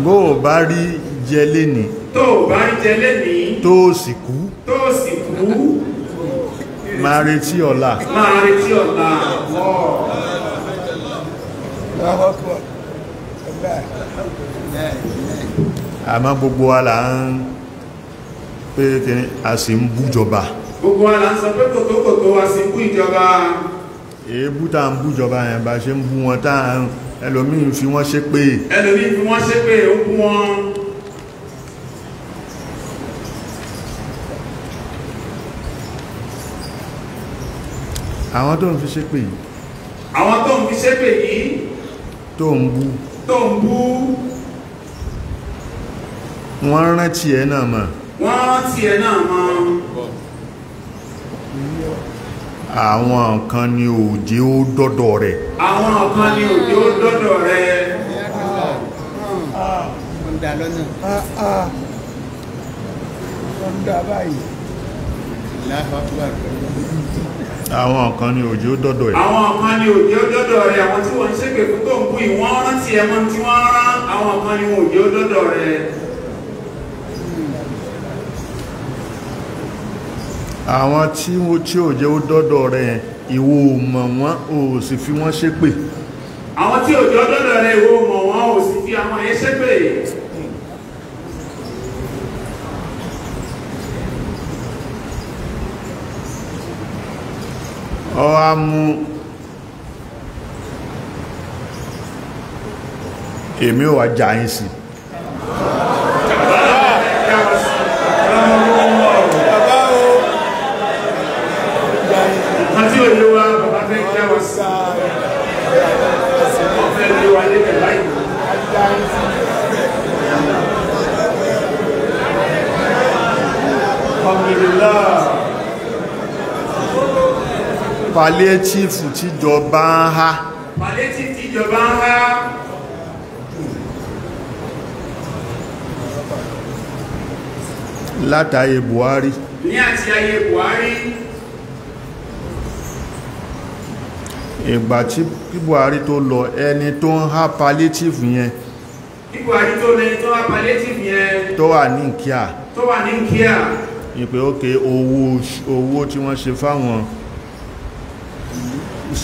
bó o bá rí jẹ lénìí tó o bá rí jẹ lénìí tó o sì kú tó o sì kú máa retí ọ̀la máa retí ọ̀la àmọ́ gbogbo wa là ń pé kìí a sì ń bú jọba gbogbo wa là ń sọ pé kòtòkòtò wa sì ń bú ìjọba èébú tá ń bú jọba yẹn bá ṣe ń bú wọn tá ẹlòmíì fi wọ́n ṣépè ẹlòmíì fi wọ́n ṣépè ó bú wọn àwọn tó ń fi ṣépè yìí àwọn tó ń fi ṣépè yìí tó ń bú tó ń bú wọ́n rántí ẹ náà mọ̀ wọ́n rántí ẹ náà mọ̀ àwọn kan ni òjé ó dọ́dọ̀ rẹ̀ àwọn kan ni òjé ó dọ́dọ̀ rẹ̀ Ah àwọn kan ni òjò dọ́dọ̀ ẹ̀ àwọn kan ni òjò dọ́dọ̀ rẹ̀ àwọn tí wọ́n ń ṣépè fún tó ń bú ìwọ́n rántí ẹmọ tí wọ́n rán àwọn kan ni òjò dọ́dọ̀ rẹ̀ àwọn tí òjò dọ́dọ̀ rẹ̀ ìwọ mọ̀ wọ́n ò sì fi wọ́n ṣépè àwọn tí òjò dọ́dọ̀ rẹ̀ ìwọ mọ̀ wọ́n ò sì fi àwọn yẹn ṣépè ọwá mú èmi ò wà jà yín sí palliative tíjọba ń ha. palliative tíjọba ń ha. látàyè Buhari ní àti ayé Buhari ìgbà tí Buhari tó lọ ẹni tó ń há palliative yẹn Buhari tó lẹni tó há palliative yẹn tó wà ní kíá tó wà ní kíá ìpè ókè owó tí wọ́n ṣe fáwọn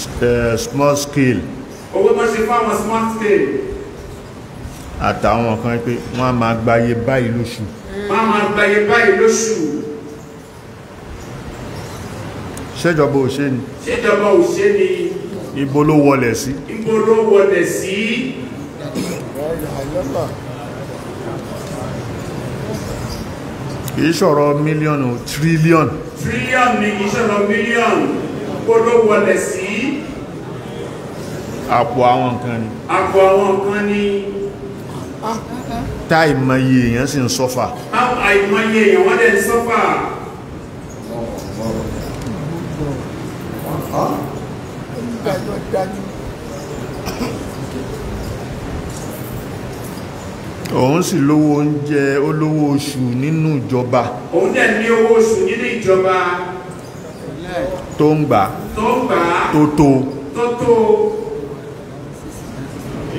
uh, small scale. owó máa ṣe fáwọn small scale. àtàwọn kan pé wọ́n á máa gbáyé báyìí lóṣù. wọ́n á máa gbáyé báyìí lóṣù. ṣèjọba ò ṣe ni. ṣèjọba ò ṣe ni. ibo ló wọlẹ̀ sí. ibo ló wọlẹ̀ sí. kìí ṣọ̀rọ̀ mílíọ̀nù tírílíọ̀nù. tírílíọ̀nù ni kìí ṣọ̀rọ̀ mílíọ̀nù kó ló wọlé sí àpò àwọn nǹkan ni àpò àwọn nǹkan ni tá ìmọye èèyàn sì ń sọ́fà àìmọye èèyàn wọ́n dẹ̀ ń sọ́fà òun sì lówó oúnjẹ olówó oṣù nínú ìjọba òun dẹ̀ ní owó oṣù nínú ìjọba tó ń gbà tó ń gbà tó tó tó tó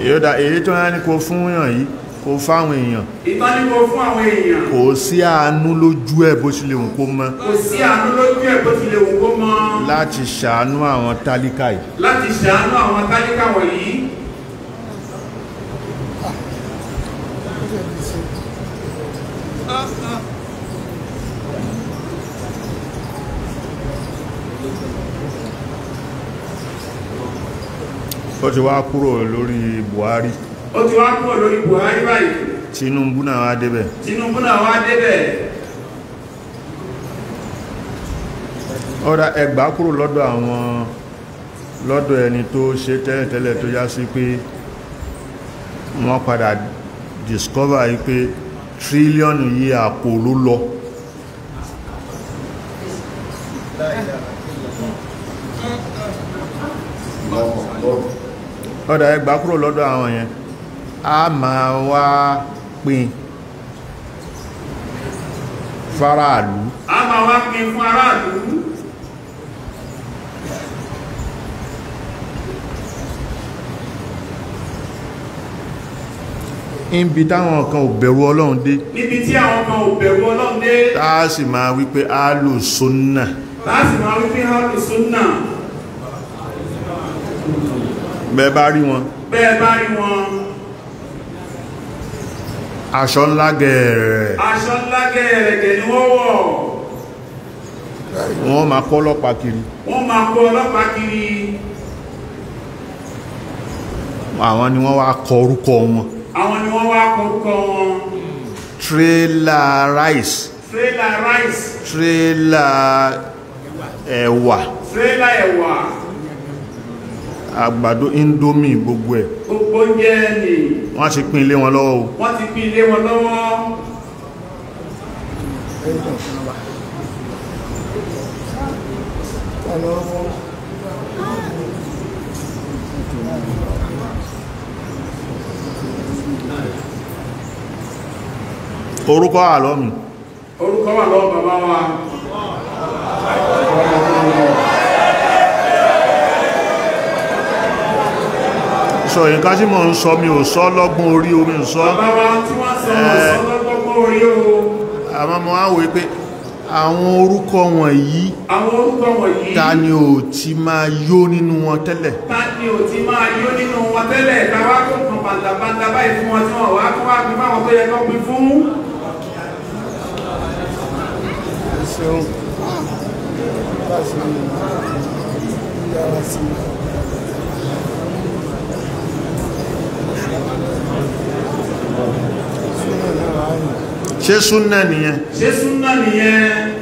yóò èyí tó rán ní kó fún èèyàn yìí kó fáwọn èèyàn ìtọ́ ní kó fún àwọn èèyàn kò sí àánú lójú ẹ̀ bó tilẹ̀ wù kó mọ́ kò sí àánú lójú ẹ̀ bó tilẹ̀ wù kó mọ́ láti ṣàánú àwọn tálíkà yìí láti ṣàánú àwọn tálíkà wọ̀nyí ó ti wá kúrò lórí Buhari ó ti wá kúrò lórí Buhari báyìí Tinubu náà wá débẹ̀ Tinubu náà wá débẹ̀ ọ̀rá ẹgbàá kúrò lọ́dọ̀ àwọn lọ́dọ̀ ẹni tó ṣe tẹ́lẹ̀tẹ́lẹ̀ tó já sí pé wọ́n padà discover yí pé tírílíọ̀nù yí àpò ló lọ Lord, Lord ọ̀dà ẹgbà kúrò lọ́dọ̀ àwọn yẹn a máa wá pín faraàlú a máa wá pín faraàlú níbi táwọn kan ò bẹ̀rù ọlọ́run dé níbi tí àwọn kan ò bẹ̀rù ọlọ́run dé tá sì máa wípé a lò sónà tá sì máa wípé a lò sónà bẹ́ẹ̀ bá rí wọn bẹ́ẹ̀ bá rí wọn aṣọ ńlá gẹ̀ẹ̀rẹ̀ ni wọ́n wọ̀ wọ́n máa kọ́ ọlọ́pàá kiri wọ́n máa kọ́ àwọn ni wọ́n wá kọ orúkọ wọn àwọn rice tírélà rice tírélà ẹ̀wà tírélà ẹ̀wà àgbàdo indomie gbogbo ẹ̀ gbogbo oúnjẹ ni wọ́n ti pín ilé wọn lọ́wọ́ o wọ́n ti pín ilé wọn lọ́wọ́ orúkọ wà lọ́mù orúkọ wà lọ́mù bàbá wa sọ nǹkan tí mò ń sọ mi ò sọ lọ́gbọ́n orí omi ò sọ eh, àmọ́ mo á wòye pé àwọn orúkọ wọ̀nyí ta ni ò ti máa yó nínú wọn tẹ́lẹ̀ ta ni ò ti máa yó nínú wọn ṣe súnà nìyẹn ṣe súnà nìyẹn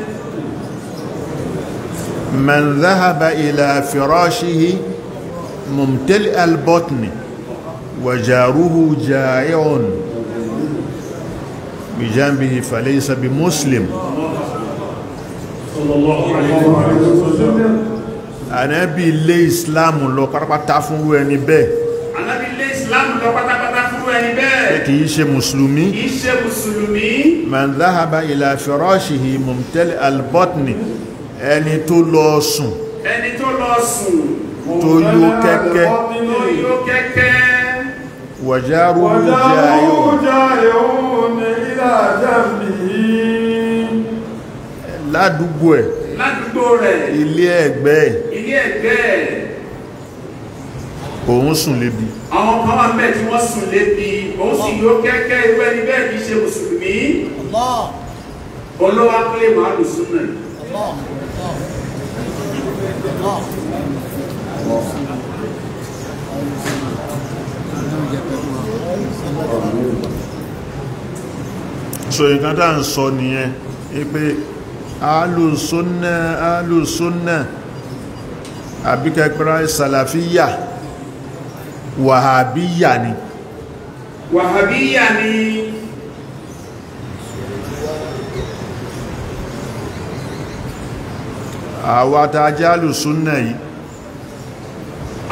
man zahaba ila firashihi mumtali albotni wa jaruhu ja'iun bi jambihi falaysa bi muslim ànábì ilé islam lọ pátápátá fún ẹni bẹ́ẹ̀ kì í ṣe mùsùlùmí kì í ṣe mùsùlùmí man dhahaba ila firashihi mumtali albotni ẹni tó lọ sùn tó lọ kẹ́kẹ́ wàjáru jáyòun ẹ̀ ilé ẹ̀gbẹ́ ẹ̀ òun sùn lébi àwọn kan wà mẹ́ tí wọ́n sùn lébi òun sì yóò kẹ́kẹ́ irú ẹni bẹ́ẹ̀ kìí ṣe mùsùlùmí olówó akílè màálù súnà so nǹkan tá ń sọ nìyẹn pé alùsúnnà alùsúnnà àbíkẹ́kẹ́rẹ́ sàlàfíyà wàhábíyà ni wàhábíyà ni àwọn àtàjá alùsúnnà yìí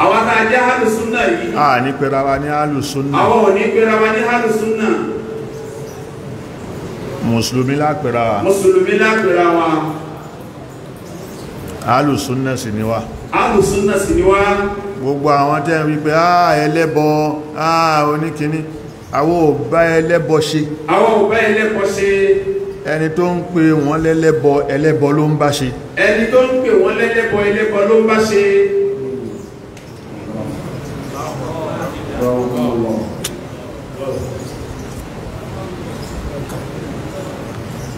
àwọn àtàjá alùsúnnà yìí a ní pẹ̀rẹ̀ wa ní alùsúnnà àwọn ò ní pẹ̀rẹ̀ wa ní alùsúnnà mùsùlùmí lápẹ̀rẹ̀ mùsùlùmí lápẹ̀rẹ̀ wa alùsúnnà sì ni wa alùsúnnà sì ni wa gbogbo àwọn tẹ́ ń wí ah, ẹlẹ́bọ ah oníkíní àwọn ò ẹlẹ́bọ ṣe ẹni tó ń pè wọ́n lẹ́lẹ́bọ ẹlẹ́bọ ló ń bá ṣe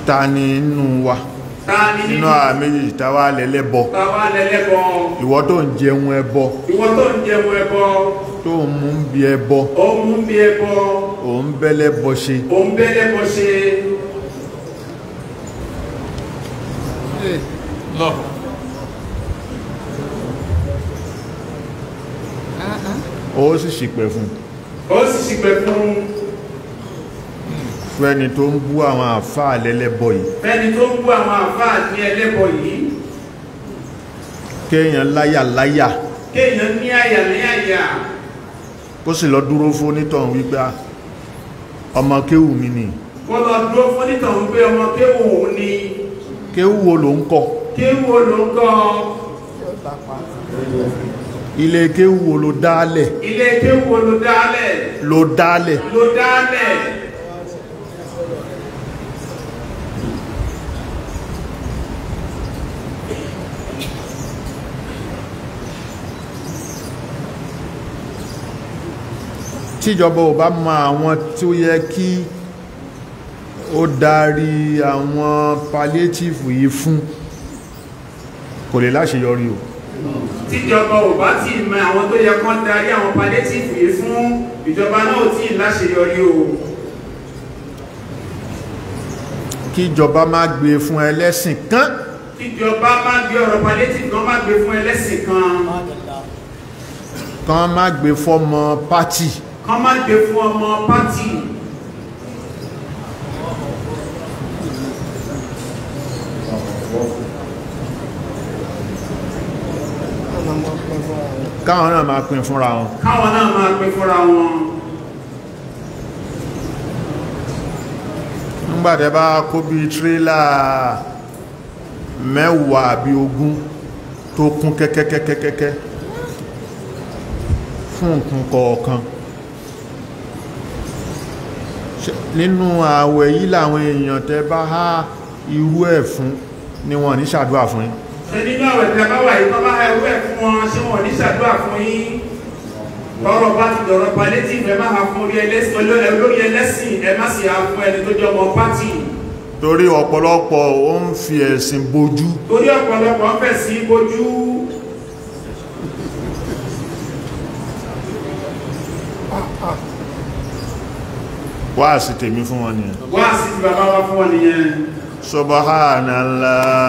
ta ni nínú wa a nínú àwọn méjèèjì táwa lẹ́lẹ́bọ ìwọ tó ń jẹun ẹbọ tó ń mú bí ẹbọ ò ń bẹ́lẹ́bọ ṣe ó sì ṣìpẹ̀ fún ó sì ṣìpẹ̀ fún fẹ́ni tó ń bú àwọn àfáà lẹ́lẹ́bọ yìí fẹ́ni tó ń bú àwọn àfáà ní ẹlẹ́bọ yìí kéèyàn láyà láyà kéèyàn ní àyà láyà kó sì lọ dúró fún onítọ̀hún wípé ah, ọmọ kéwù mi ni kó lọ dúró fún onítọ̀hún wípé ọmọ kéwù ni kéwù wo ló ń kọ́ kéwù wo ló ń kọ́ ilé kéwù wo ló dálẹ̀ ilé kéwù wo ló dálẹ̀ ló dálẹ̀ ló dálẹ̀ tíjọba ò bá mọ àwọn tí ó yẹ kí ó darí àwọn palliative yìí fún kò lè láṣeyọrí o tíjọba ò bá tí mọ àwọn tó yẹ kán darí àwọn palliative yìí fún ìjọba náà tí láṣeyọrí o kíjọba má gbé fún ẹlẹ́sìn kan kíjọba má gbé ọ̀rọ̀ palliative kan má gbé fún ẹlẹ́sìn kan kan má gbé fọ́mọ pátì kán má gbé fún ọmọ pátì káwọn náà máa pín fúnra wọn káwọn náà máa pín fúnra wọn nígbàtẹ́ bá kó bí tírélà mẹ́wàá àbí ogún tó kún kẹ́kẹ́kẹ́kẹ́kẹ́ fún nǹkan kọ̀ọ̀kan nínú ààwẹ̀ yìí làwọn èèyàn tẹ́ bá há irú ẹ̀ fún ni wọ́n ní ṣàdúrà fún yín ṣe nínú àwẹ̀ tẹ́ bá wà yìí bá bá há irú ẹ̀ fún wọn ṣé wọ́n ní ṣàdúrà fún yín tọrọ bá ti dọ̀rọ̀ palliative ẹ má ha fún olórí ẹlẹ́sìn ẹ má sì ha fún ẹni tó jẹ́ ọmọ pátì torí ọ̀pọ̀lọpọ̀ ó ń fi ẹ̀sìn bojú torí ọ̀pọ̀lọpọ̀ ń fẹ̀sìn bojú wáàsí tèmi fún wọn nìyẹn wáàsí ti bàbá wa fún wọn nìyẹn subhanallah